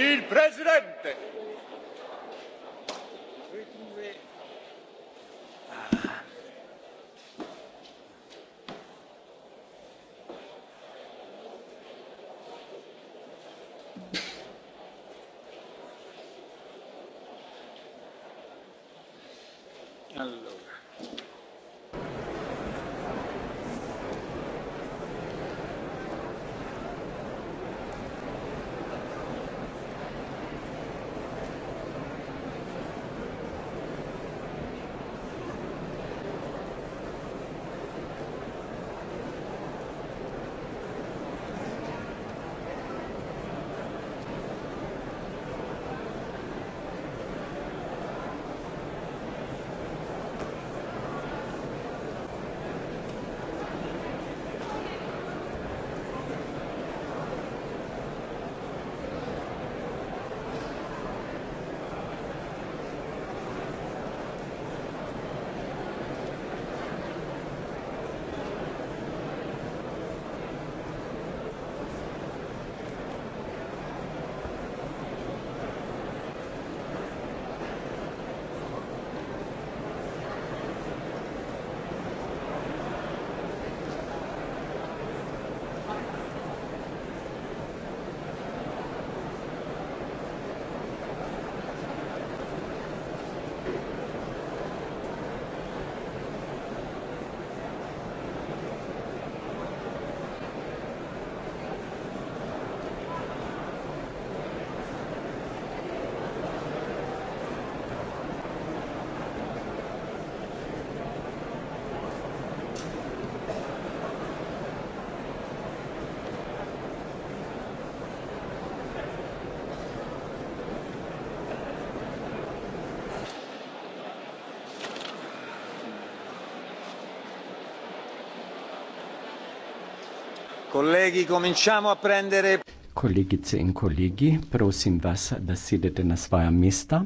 il president! Kolegi, cominciamo a prendere. Kolegice in kolegi, prosim vas, da sedete na svoja mesta.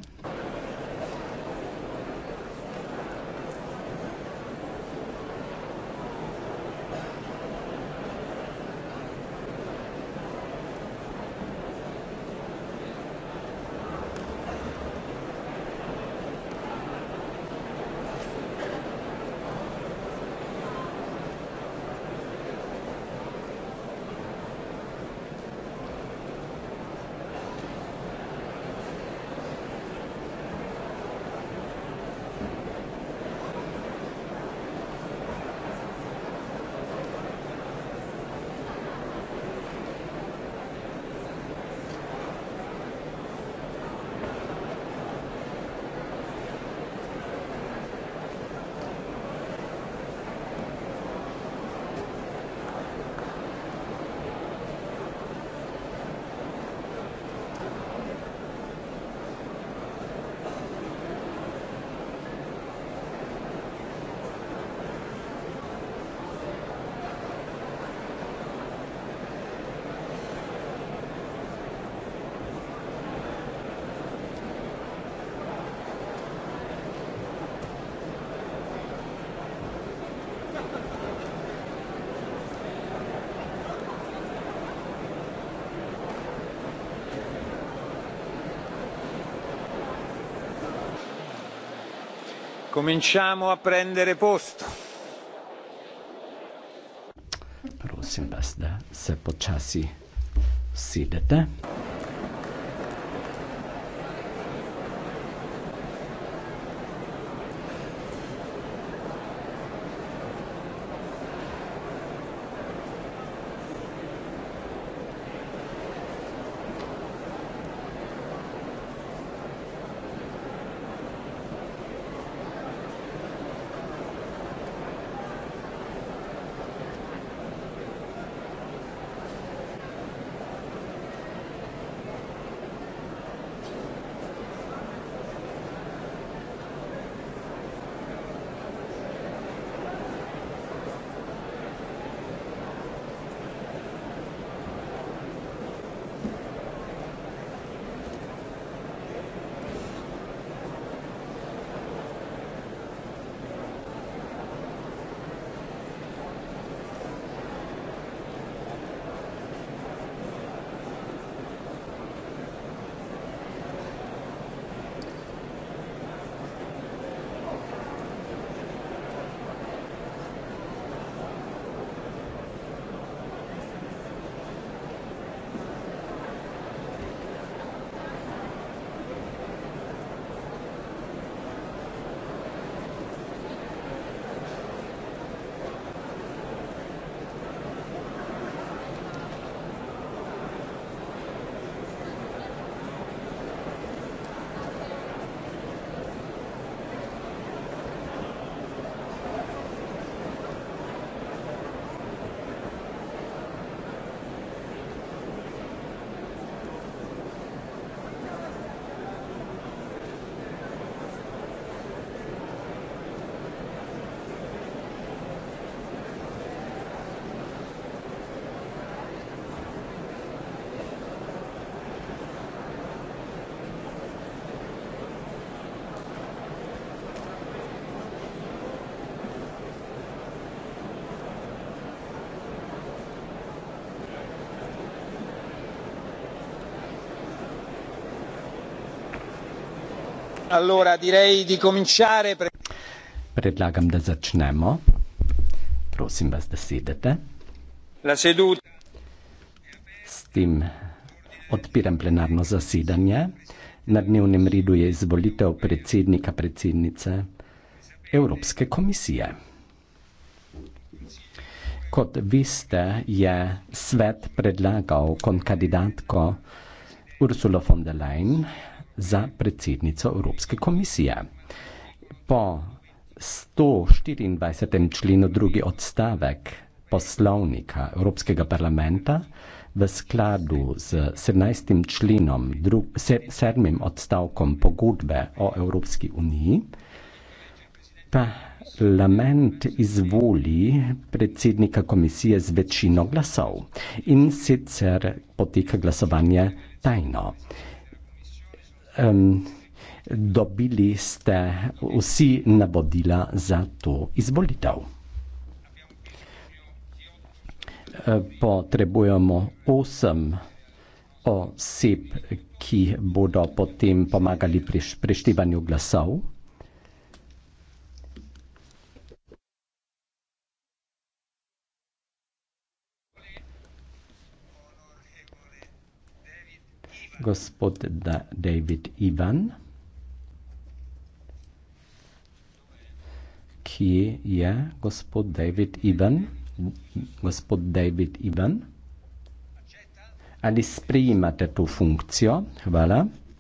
cominciamo a prendere posto. Prosim vas, da se počasi sedete. Allora, direi di cominciare. Pre- Predlagam, da začnemo. Prosim vas, da sedete. La seduta. S tem odpiram plenarno zasedanje. Na dnevnem redu je izvolitev predsednika predsednice Evropske komisije. Kot veste, je svet predlagal kot kandidatko Ursula von der Leyen za predsednico Evropske komisije. Po 124. členu drugi odstavek poslovnika Evropskega parlamenta v skladu z 17. členom, 7. odstavkom pogodbe o Evropski uniji, parlament izvoli predsednika komisije z večino glasov in sicer poteka glasovanje tajno um, dobili ste vsi navodila za to izvolitev. E, potrebujemo osem oseb, ki bodo potem pomagali pri preštevanju glasov. gospod da David Ivan, kje je gospod David Ivan, gospod David Ivan, ali sprejemate to funkcijo? Hvala.